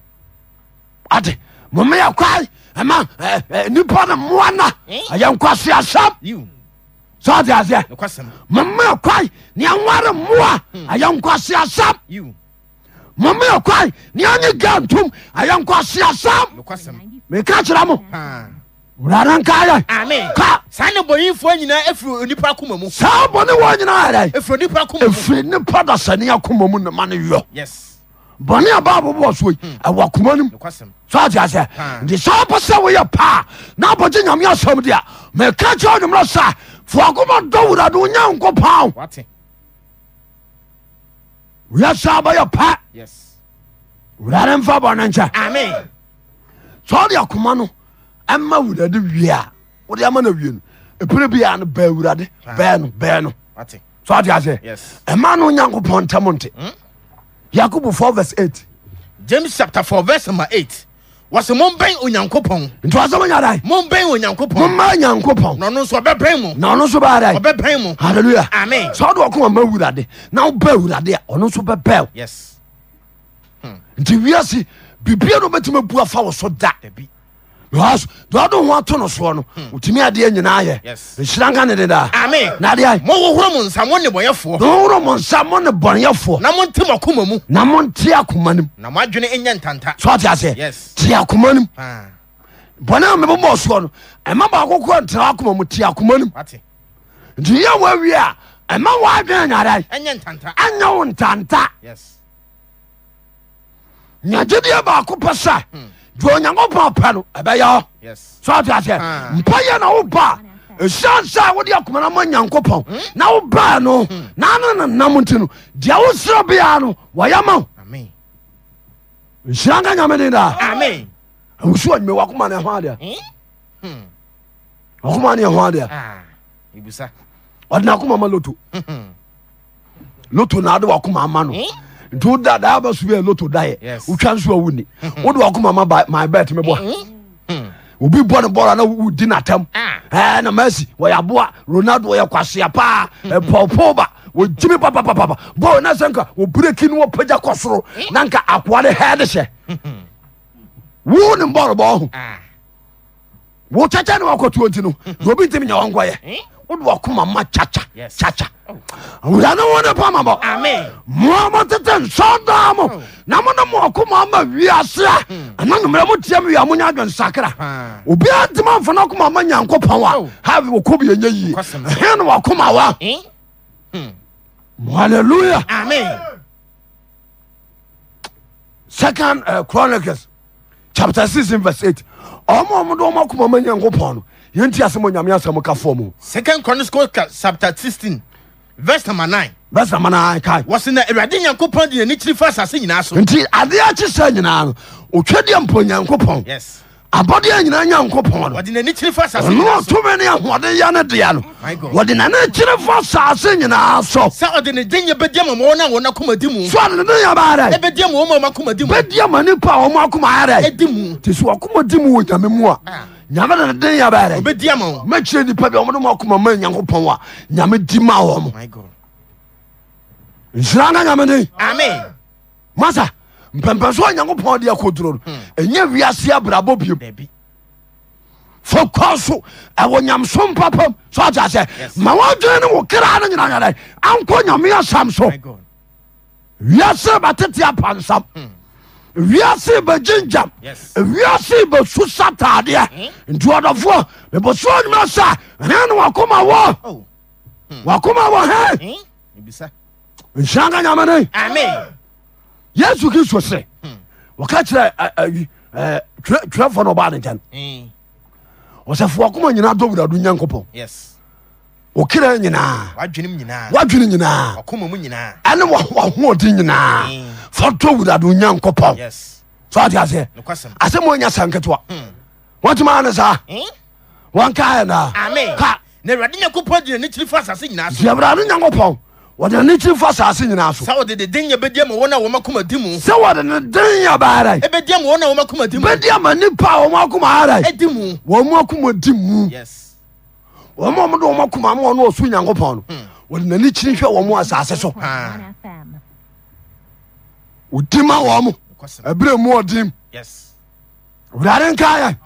ade momeyɛ kwae ɛma nipa no mmoa na eh? ɛyɛ nkwaseasɛm sɛ ɔde aseɛ momeyɛ kwae ne ɛware mmoa hmm. ɛyɛ nkwaseasɛm momeyɛ kwae ne ɛnye ga ntom ɛyɛ nkwaseasɛm meka kyerɛ mo wurare nka saa ne bɔnyifoɔ nyinaa ɛfiri onipa koma mu saa bɔne wɔ nyinaa yɛdɛ ɛfiri onipa koma mu ɛfiri nipa dasani akoma mu nema ne yɔ yes a baabo bɔ so yi hmm. ɛwɔ akoma no mu so ate aseɛ nti saa wopɛ sɛ woyɛ paa na abɔgye nyame asɛm de a meka kyɛ onwumerɛ sa foakoma dɔ wurade wonya nkɔ paa woyɛ saa bɛyɛ pa wurade mfa bɔne nkyɛ sɛ wode akoma no ɛma wurade wie a wode ama ah. no wie no ɛpere hmm? bia no baa awurade bɛɛ no bɛɛ no so ate aseɛ ɛma no onyankopɔn ntɛm nte yakobo 4 vs 8 james chapter 4 vs ma 8 wɔsɛ mombɛn onyankopɔn nti wɔsɛ monya dae mombɛn onyankopɔn momma onyankopɔn na ɔno nso ɔbɛbɛn mo na ɔno nso bɛadae eh? ɔbɛbɛn mo Hallelujah. amen sɛ wode wɔko ɔma awurade na wobɛ awurade a ɔno nso bɛbɛw wo nti wiase biribia no wobɛtumi abu afa wo so da because deɛ ɔde ho ato no soɔ no wotumi adeɛ nyinaa yɛ nhyira nka ne dedaa nadeɛ mohohoro mo nsa mo nnebɔyɛfoɔ mohohoro mo nsa mo nnebɔneyɛfoɔ na monte mo akoma mu na monte akoma nim na moadwene ɛnyɛ ntanta so ɔte aseɛ te akoma nim ah. bɔne a mebobɔ soɔ no ɛma baako korɔ ntena akoma mu te akoma nim nti yɛ wɔawie a ɛma wɔadwene nyadae ɛnyɛ wo ntanta nyagyedeɛ baako pɛ sɛ hmm dua onyankopɔn pɛ no ɛbɛyɛ so ateaseɛ ah. mpa yɛ na woba ɛsiansa wode akoma no ma nyankopɔn hmm? na woba no hmm. na ano nenam nti no deɛ wo serɛ biaa no wɔyɛ ma wo nka nyame den daa awusu anwume wakoma ne ɛho adeɛ hmm? wakoma ne ɛho adeɛ ah, ɔde nakoma ma loto loto naade wakoma ama no nti wo da daa ba so bi a loto da yɛ wotwa nso a wonni wode wakoma ma my bet me boa obi bɔ ne bɔra na wodi natam ah. ɛɛ na messi wɔyɛ aboa ronaldo wɔyɛ kwasea paa pɔpɔba wɔgyimi papapapa bɔɔ na sɛ nka wɔbreki no wɔpagya kɔ soro eh? na nka akoa ne hɛɛ de hyɛ wo ne mbɔrebɔ ho ah wo kyakya ne wakɔtuo nti no na obi ntimi nya wɔnkɔyɛ wode wɔkoma ma kyakya kyakya awurane wo ne pamabɔ moa motete nsɔdaa mo oh. na mone moɔkoma ma wiase a mm. ana nomerɛ motia m wie a monya adwe nsakra obiaa ah. ntima mfa no akoma ma nyankopɔn a oh. have wɔkɔ bi ɛnya yie ɛhe ne wɔkoma wa halleluya eh? hmm. second uh, chronicles chapter 6 verse eight ɔmo ɔmo de ɔmo akoma ɔmo nyankopɔn no yɛnti asɛm onyame asɛm ka fɔ mu second chronicles chapter sixteen, verse number nine. verse number nine. 9 kae wɔse na awurade nyankopɔn de n'ani kyiri fa asase nyinaa so nti adeɛ akye sɛ nyinaa no ɔtwa deɛ mpo nyankopɔn yes abɔdeɛ nyina nyankopɔn noɔno ɔtumi ne ahoɔden yɛ no deɛ no wɔde nane kyere fo asase nyinaa so sɛ ɔde ne denyɛ bɛdia ma wɔn a wɔn akoma di mu so ɔde ne denyɛ baadɛ bɛdia ma wɔn a wɔn akoma di mu bɛdia ma nipa a wɔn akoma ayɛdɛ di mu te so akoma di mu wɔ nyame mu a ah. nyame de ne denyɛ baadɛ mɛkyerɛ nipa bi a wɔn akoma ma nyankopɔn a nyame di ma wɔn nsira nka nyame den amen masa mpɛmpɛ so onyankopɔn de akoduro no ɛnyɛ hmm. wiase abrabɔ biom fo kɔ so ɛwɔ nyamesom papam so ate sɛ ma wɔdwene ne wo kra no nyina nyɛdɛ ankɔ nyame asam so wiase batete apansam hmm. wiase bɛgyingyam wiase bɛsu sa taadeɛ hmm. nti ɔdɔfoɔ mebɔso nwuma sa ɛne ne wakoma wɔ oh. wakoma wɔ he nhyira nyame ne yesu kristo sɛ hmm. wɔka kyerɛ twerɛfoɔ no ɔbaa ne nkyɛn hmm. ɔsɛfo wakoma nyinaa dɔ wurado nyankopɔn okira nyinaa wadwene nyinaa ɛne wahoɔden nyinaa hmm. fa dɔ wurado nyankopɔn so ate aseɛ asɛ ma ɔnya sa nketewa wɔntumi ane saa wɔnkaɛ naa diawurade nyankopɔn wɔde ne kyiri fa saase nyinaa so sɛ wɔde ne den yɛ bɛdi ama wɔn a wɔn akoma di mu sɛ wɔde den yɛ baara yi ɛbɛdi ama wɔn a wɔn akoma di mu bɛdi ama nipa a wɔn akoma ara yi ɛdi mu wɔn akoma di mu wɔn a wɔn de wɔn akoma ama wɔn a wɔso nyanko pɔn no hmm. wɔde n'ani kyiri hwɛ wɔn asaase so odi ma wɔn ɛbere mu ɔdi mu wurade nkaayɛ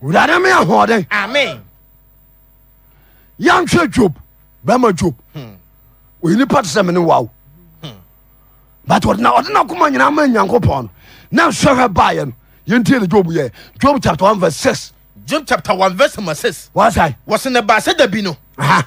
wurade mi ahoɔden yantwe job bɛma job. Hmm onipa te sɛ mene wawo but ɔdena koma nyinaa ma nyankopɔn no na nsɔhwɛ baeɛ no yɛntie ne job yɛ job chapter 1 verse 6 job chapter one verse number six. wasaɛ. wɔsi na baasa dabi no.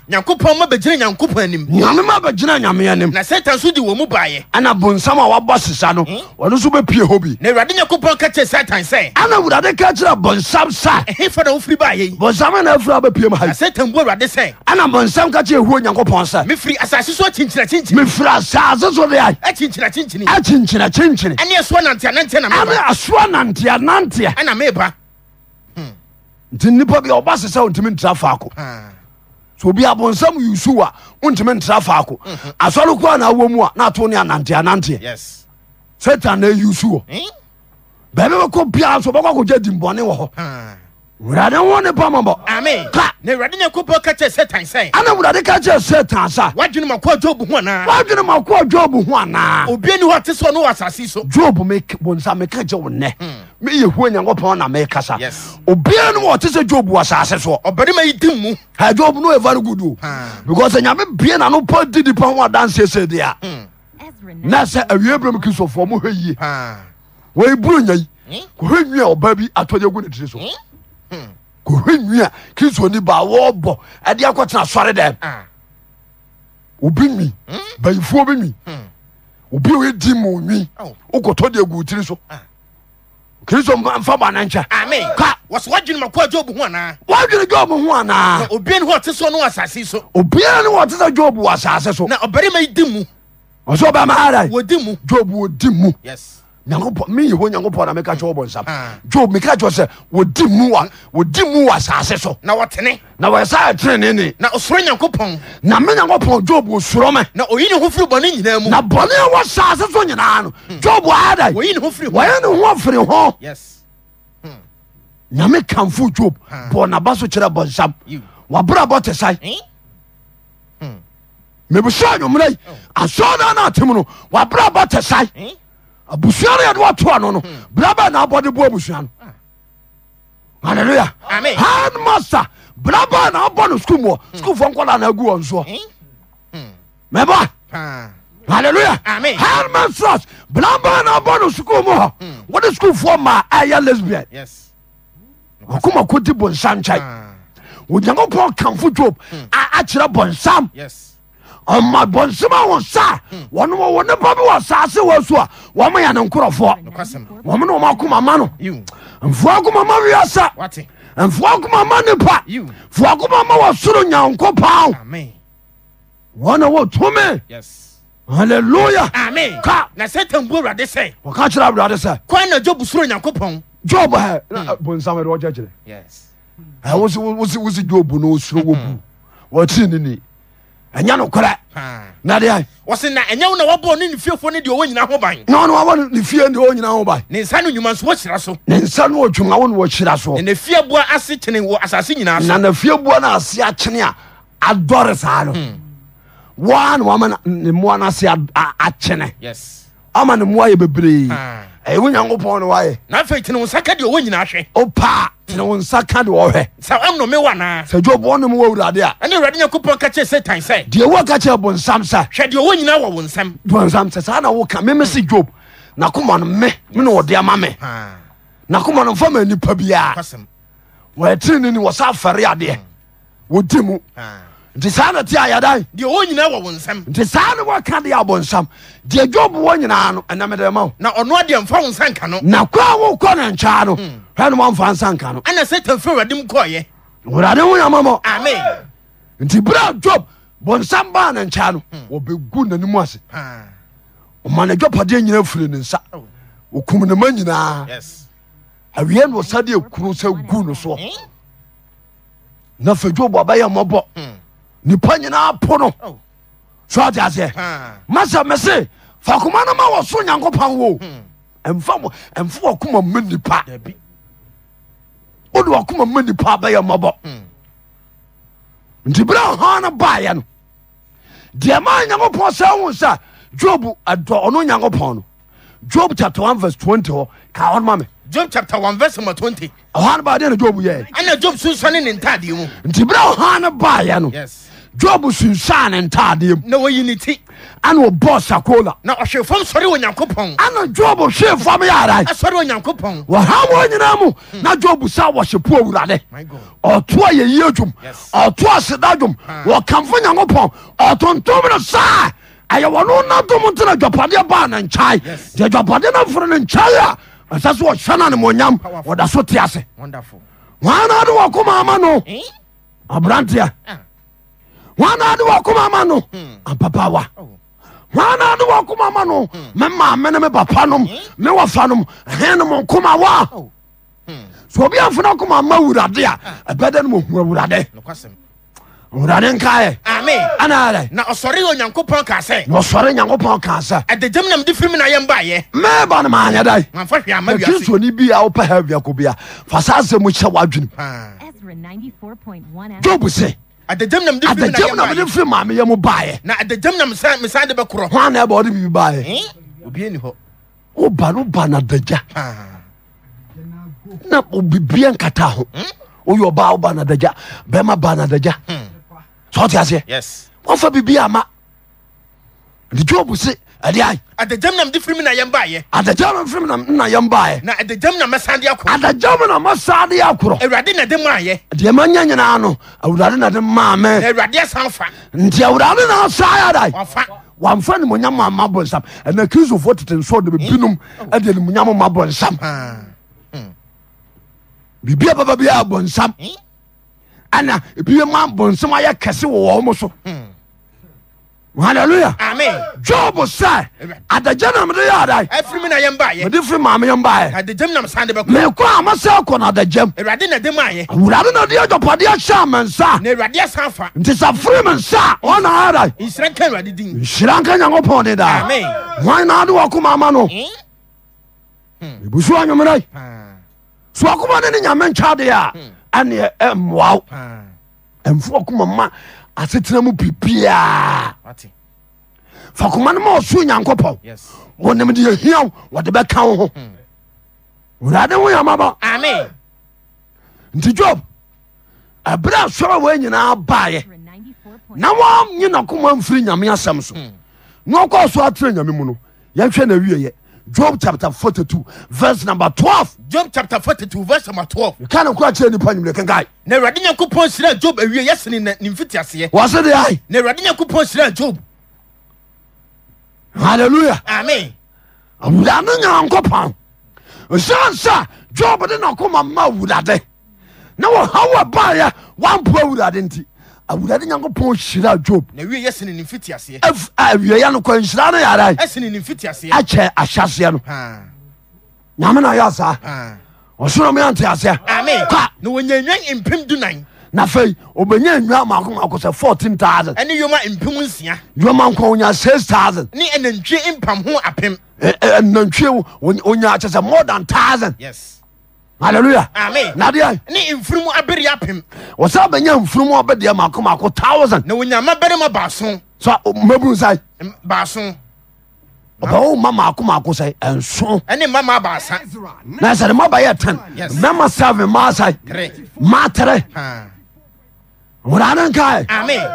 nyankopɔn ma bɛgyina nyankopɔn anim. nyame ma bɛgyina nyame anim. na satan so di wɔn mu baayɛ. ɛna bonsam a wabɔ sisa no hmm? ɔno nso bɛ pie hɔ bi. na awurade nyankopɔn ka kyerɛ satan sɛ. ɛna awurade ka kyerɛ bonsam sa. ɛhe fa na wofiri baayɛ yi. bonsam na afiri a bɛ pie mu ha yi. na satan bu awurade sɛ. ɛna bonsam ka kyerɛ ehuo nyankopɔn sɛ. mefiri asase so akyinkyina kyinkyini. mefiri asase so de ayi. akyinkyina kyinkyini. akyinkyina kyinkyini. ɛne ɛsoɔ nantea nantea na meba. ɛne ɛsoɔ nantea nantea. ɛna meba nti nipa bia ɔba se sɛ ntra faako so obi abonsam yusuwa a wontimi ntra faako mhm. asɔre koa na awɔ mu a na ato ne anante ananteɛ satan na yusu wɔ eh? baabi bɛkɔ biara nso bɛkɔ akɔgya dimbɔne wɔ hɔ wurade ho ne bɔmmɔbɔ ame ka na awurade nyankopɔn ka kyerɛ satan sɛ ana wurade ka kyerɛ satan sa woadwene makoa job ho anaa woadwene makoa job ho anaa obia ni hɔ ate sɛ ɔno wɔ asase so job bonsa meka gye wo nnɛ hmm. meyɛhua nyankopɔn na mekasa obia no ma ɔte sɛ job wɔ asase soɔ ɔbarima yi di mu ha job no ɛvare good o because nyame bie na no pa di nipa ho adanseɛ sɛ de a hmm. na sɛ awie berɛ m kristofoɔ mohwɛ yie wɔiburo nya yi kɔhwɛ hmm? nwi a ɔba bi atɔde agu ne tiri so kò hwɛ nwi a kristo ni ba wɔɔbɔ ɛde akɔtena asɔre dɛm ah. obi nwi hmm? bayifuo bi nwi hmm. obi a oedi mu nwi okɔtɔ oh. de egu tiri so ah. kristo nfa bɔ anankyɛ. ami ka wɔsɔ wadwini ma kó a jɔbu hu ana. wadwini jɔbu hu ana. obiara ni wɔn ti sɔ n'o asase so. obiara ni wɔn ti sɔ jɔbu wɔ asase so. na ɔbɛrɛ ma yi di mu. wɔsɔ bɛɛ ma ara yi. wò di mu. jɔbu wò di mu. yes nyankopɔn mi yehowa nyankopɔn na meka kyɛ wɔbɔ nsam ah. job meka kyɛ sɛ wodi mu wa wodi mu wa asase so na wɔtene na wɔyɛ saa ɛtene ne na ɔsoro nyankopɔn na me nyankopɔn job osoro me na oyi ne ho firi bɔne nyinaa mu na bɔne ɛwɔ asase so nyinaa no hmm. job ada wɔyɛ ne ho firi hɔ nyame hmm. kamfo job ah. bɔɔ naba so kyerɛ bɔ nsam wabrɛ bɔ te sae eh? hmm. mebisa anwummerɛ yi oh. asɔda no atem no wabrɛ bɔ te sae eh? abusua no yɛde watoa ah. no no bra bɛ na abɔde boa abusua no halleluya handmaster bra bɛ na abɔ no skul muɔ hmm. skulfoɔ nkɔda na agu wɔ nsoɔ eh? hmm. mɛba ah. halleluya handmasters bra bɛ na abɔ no skul mu hɔ hmm. wode skulfoɔ ma ɛyɛ lesbian ɔkoma kɔdi bonsam nkyɛe ah. onyankopɔn kamfo dwob akyerɛ bonsam yes ɔma bɔnsɛm a wo sa wɔno wɔ nipa bi wɔ saase wɔ so a wɔmo yɛ ne nkorɔfoɔ wɔmo ne wɔm akoma ma no mfoa akoma ma wiasa mfoa akoma ma nipa foa akoma ma wɔ soro nyanko paa wɔna wɔ tumi hallelujah amen ka na satan bu awurade sɛ wɔka kyerɛ awurade sɛ kwan job soro nyankopɔn job hɛ eh, hmm. bonsam de wɔkyɛkyerɛ eh, wosi job no osuro wɔ bu hmm. wɔtiri ne ni ɛnyɛ no korɛ nadeɛ wɔse na ɛnyɛ wo na wɔbɔɔ ne nefiefoɔ no deɛ ɔwɔ nyina na ɔno nsa no nnwuma no ɔdwuma wo ne wɔhyira so na fie bua ase kyene wɔ asase nyinaa so na na fie bua no ase akyene a adɔre saa no hmm. wɔa na wɔama ne mmoa no ase akyene ama ne mmoa yɛ bebree ɛyɛ wo nyankopɔn ne wayɛ na afei tene wo nsa ka deɛ ɔwɔ nyinaa hwɛ ɔpaa tene wo nsa ka de wɔhwɛ sɛ ɔnome wo anaa sɛ dwob ɔnom wɔ awurade a ɛne awurade nyankopɔn ka kyerɛ satan sɛ deɛ wo ka kyerɛ bonsam sɛ hwɛ deɛ ɔwɔ nyinaa wɔ wo nsɛm bonsam sɛ saa na woka meme se dwob nakoma no me mene wɔde ama me nakoma no mfa ma nnipa biaa wɔatiri no ni wɔsa afɛre adeɛ hmm. di. mu nti saa na te ayɛdan deɛ ɔwɔ nyinaa wɔ wo nsɛm nti saa ne wɔka wo na ɔno adeɛ mfa wo nsa nka no na koa wokɔ ne nkyɛa hmm hwɛne mamfa nsa nka no ɛna satan fi awurade mu kɔɔyɛ wurade ho yamamɔ amen nti berɛ job bɔnsam baa ne nkyɛ no hmm. wɔbɛgu n'anim ase ɔmane dwapadeɛ nyina firi ne nsa oh. ɔkum ne ma nyinaa awie na ɔsade akuro sɛ gu no soɔ hmm. na fa job abɛyɛ mmɔbɔ hmm. nipa nyinaa po no oh. so ate aseɛ masɛ mese fa koma ma wɔ so nyankopɔn wo ɛmfa wɔ koma ma nipa wode wakoma ma nipa bɛyɛ mmɔbɔ nti berɛ ha no baeɛ no deɛ ma nyankopɔn sɛ wo sɛ job ɛdɔ ɔno nyankopɔn no job chapter one verse 20 hɔ ka ɔnoma me job chapter one verse 20 ɔha no badeɛ na job yɛ ana job sunsuane ne ntadeɛ mu nti berɛ ɔha no baeɛ no job sunsuane ntadeɛ mu na wɔyi ne ti ana ɔbɔɔ sakola na ɔhwefam sɔre wɔ nyankopɔn ana job hwee fam yɛ ara ɛsɔre wɔ nyankopɔn wɔha wɔ nyinaa mu na job sa wɔhyepo awurade ɔtoa yɛyie dwom ɔtoa seda dwom wɔkamfo nyankopɔn ɔtontom no saa ɛyɛ wɔno na dom ntena adwapadeɛ baa ne nkyae deɛ adwapadeɛ no mforo no nkyae a ɛsɛ sɛ wɔhwɛ no anemonyam wɔda so te ase wana de wɔkoma ama no eh? abranteɛ ah. wana de wɔkoma ama no hmm. ampapawa oh hwana ne wɔkoma ma no hmm. mema mene me papa nom hmm. me wɔfa nom ɛhe ne wa oh. hmm. sɛ obi amfona koma ma awurade a ɛbɛdɛ no mahu awurade awurade nkaɛ ɛnɛdɛ na ɔsɔre onyankopɔn ka sɛ na ɔsɔre nyankopɔn ka sɛ ɛdagyam nam de firim na yɛmbaayɛ meba no maanyɛ dakristoni bi a wopɛ ha wiakɔ bi fa saa sɛ mu kyɛ ah. w'adwenem job se adagya nam de adagya nam de firi maame yɛ mu baayɛ na adagya nam san mi san de bɛ korɔ hɔn na ɛbɛ ɔde bibi baayɛ obi ni hɔ o ba no ba na adagya na obi biɛ nkata ho oyɛ ɔbaa o ba na adagya bɛrima ba na adagya sɔɔ ti aseɛ wɔn fɛ bibi ama nti jɔɔbu se ɛde ayi. adajam na mdifiri mi na yɛn baayɛ. adajam na mfiri na yɛn baayɛ. na adajam na mɛsande akoro. adajam na mɛsande akoro. awurade na de maa yɛ. deɛ ma nyɛ nyinaa no awurade na de maa mɛ. na awurade asan fa. nti awurade na asa yɛ da yi. wafa. wamfa ne munyam ama bɔ nsam ɛna kristofoɔ tete nsɔɔ de binom hmm. ɛde ne munyam ma bɔ nsam. Hmm. biribi a baba bi a bɔ nsam hmm. ɛna ebi ma bɔ nsam ayɛ kɛse wɔ wɔn so. Hmm hallelujah amen job sɛ adagya na mede yɛ ada afiri mu na yɛn ba yɛ mede firi maame yɛn ba yɛ adagyam na msan de bɛkɔ mekɔ a masɛ kɔ no adagyam awurade na de ma yɛ awurade na de adwapade ahyɛ me nsa na awurade asan fa nti sɛ firi me nsa ɔna ada nhyira nka awurade din nhyira nka nyankopɔn de daa amen hwan na ade wɔkoma ama no eh? hmm. ebusu anwomerɛ ah. so wakoma ne ne nyame nkyade a hmm. ɛneɛ ɛmmoaw ah. ɛmfo wakoma ma asetena mu bibiaa fa koma no ma ɔsoo nyankopɔn wɔnim de yɛhia wɔde bɛka wo ho hmm. wurade ho yamabɔ nti job ɛberɛ asɔre wɔ nyinaa baeɛ na wɔnye nakoma mfiri nyame asɛm so hmm. na ɔkɔɔ so atena nyame mu no yɛhwɛ na wieɛ job chapter forty two verse number twelve. job chapter forty two verse number twelve. ká ní kó àkyerè nípa nyìmìlẹ̀ kankan. na awurade nyankopɔn sira job awie yɛ sini ne nfiti aseɛ. wà á sè de ayi. na awurade nyankopɔn sira job. hallelujah. amen. awurade nyankopɔn nsansa job de na kó ma ma awurade na wọ́n hawa báyà wọ́n á bu awurade nti awurade nyankopɔn hyira job awieɛ no kɔ nhyira no yɛra akyɛ ahyaseɛ no nyame na yɛ saa ɔsoro me ante aseɛ na afei obɛnya nnwa maako maako sɛ 14000 ɛne yoma mpem nsia yoma nkɔ onya 6000 ne anantwie mpam ho apem anantwie onya kyɛ sɛ more than 1000 yes hallelujah amen na deɛ ne mfurum abere apem wɔsa bɛnya mfurum ɔbɛdeɛ maako maako thousand na onyama ma baaso so mmabu nsae baaso ɔbɛwo ma maako maako sɛ ɛnso ɛne mama baasa na sɛ de maba yɛ ten mɛma seven maa Ma maa tere wurane nkae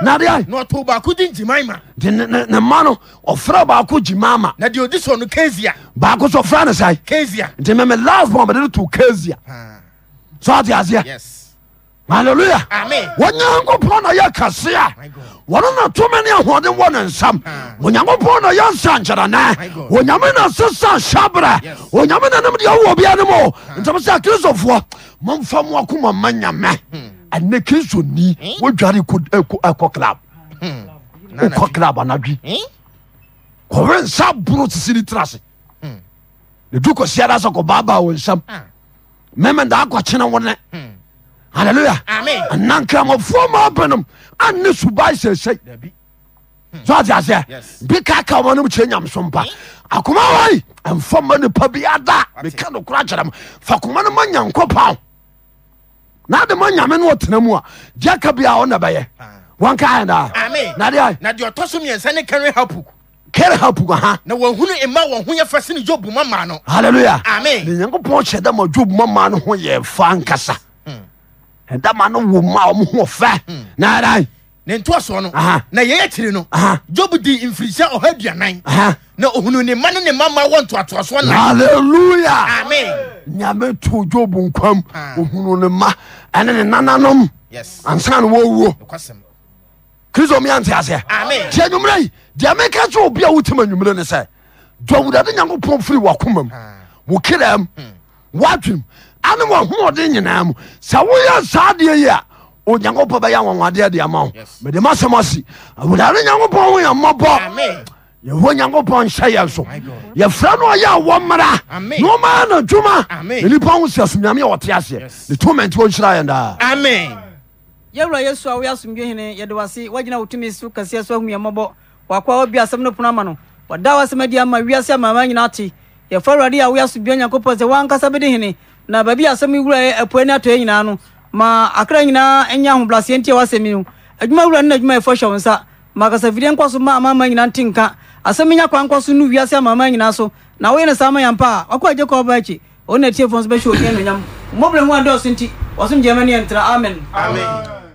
nadeɛ na ɔtoo baako di ngyima ma nti ne ma no ɔfrɛ baako gyima ma na deɛ ɔdi sɔ no kasia baako so ɔfrɛ no sae kasia nti meme last bɔ mede no to kasia so ate aseɛ halleluya onyankopɔn na yɛ kɛse a wɔno na tome ne ahoɔden wɔ ne nsam onyankopɔn na yɛ nsa nkyerɛnɛ onyame na sesa hyaberɛ onyame na nem deɛ wowɔ bia no mu ntam sɛ kristofoɔ momfa moako mama nyame hmm ɛnɛ kristo ni eh? wodware eh, ɛkɔ eh, club wokɔ hmm. club anadwe kɔwe nsa boro sisiri tra se ne du kɔsiara sɛ kɔbaabaa wɔ nsam mɛmɛ daa kɔkyene wo ne halleluya anankramɔfoɔ ma benom anne subae sɛsɛi so ate aseɛ bi ka ka ma nom kyerɛ nyamso mpa akoma wai ɛmfa nipa bi ada meka nokora kyerɛ m fa koma no ma nyankopɔn na de ma nyame no ɔtena mu a gya ka bia ɔna bɛyɛ ah. wɔnkaɛnaa kere hapuk ha na wɔhunu ma wɔn ho yɛ fa sene job ma ma no halleluya ne nyankopɔn hyɛ dɛ ma job ma ma no ho yɛ fa nkasa hmm. ɛdama no wo ma ɔmo ho fɛ hmm. na adan ne ntoasoɔ no na yɛyɛ kyiri no job di mfirinhyɛ ɔha aduanan na ohunu ne ma ne ne mama wɔ ntoatoasoɔ na halleluya amen nyame to job nkwam ah. ohunu ne ma ɛne ne nananom ansa ne wɔwuo kristo meante aseɛ tiɛ nwumerɛ yi deɛ meka kyɛ obi a wotim anwumerɛ ne sɛ dɔwurade nyankopɔn firi wakoma ah. wo kram hmm. woadwenem ane wahoɔden nyinaa mu sɛ woyɛ saa deɛ yi a onyankopɔn bɛyɛ awanwadeɛ de ama wo mede masɛm asi awurade nyankopɔn ho yɛ mmɔbɔ yɛhɔ nyankopɔn nhyɛ yɛ so yɛfra no ɔyɛ wɔ mmara na ɔmaa no dwuma nnipa ho si asomnyame yɛ wɔte aseɛ ne tomɛnti wɔnhyira yɛn daa amen yɛwura yesu a woyɛ asomdwe yɛde wase woagyina wo so kɛseɛ so ahu yɛ mmɔbɔ wakoa wabi asɛm no pono ama no wada wasɛm adi ama wiase amama nyina te yɛfa awurade a woyɛ asomdwe nyankopɔn sɛ woankasa bɛde hene na baabi asɛm wura apua atɔɛ nyinaa no ma akra nyinaa ɛnyɛ ahobraseɛ nti a wasɛm yi no adwuma wura no na adwuma ɛfɔ hyɛ wo nsa ma akasafideɛ nkɔ so ma amama nyinaa nte nka asɛm nya kwan nkɔ so no wiase amama nyinaa so na woyɛ no saa ma yampa a wakɔ agye kɔ ɔba akyi ɔno na atiefoɔ nso bɛhyɛ ɔhia nonyam mmɔbrɛ ho adɔɔso nti wɔsom gyama yɛntra amen. amen.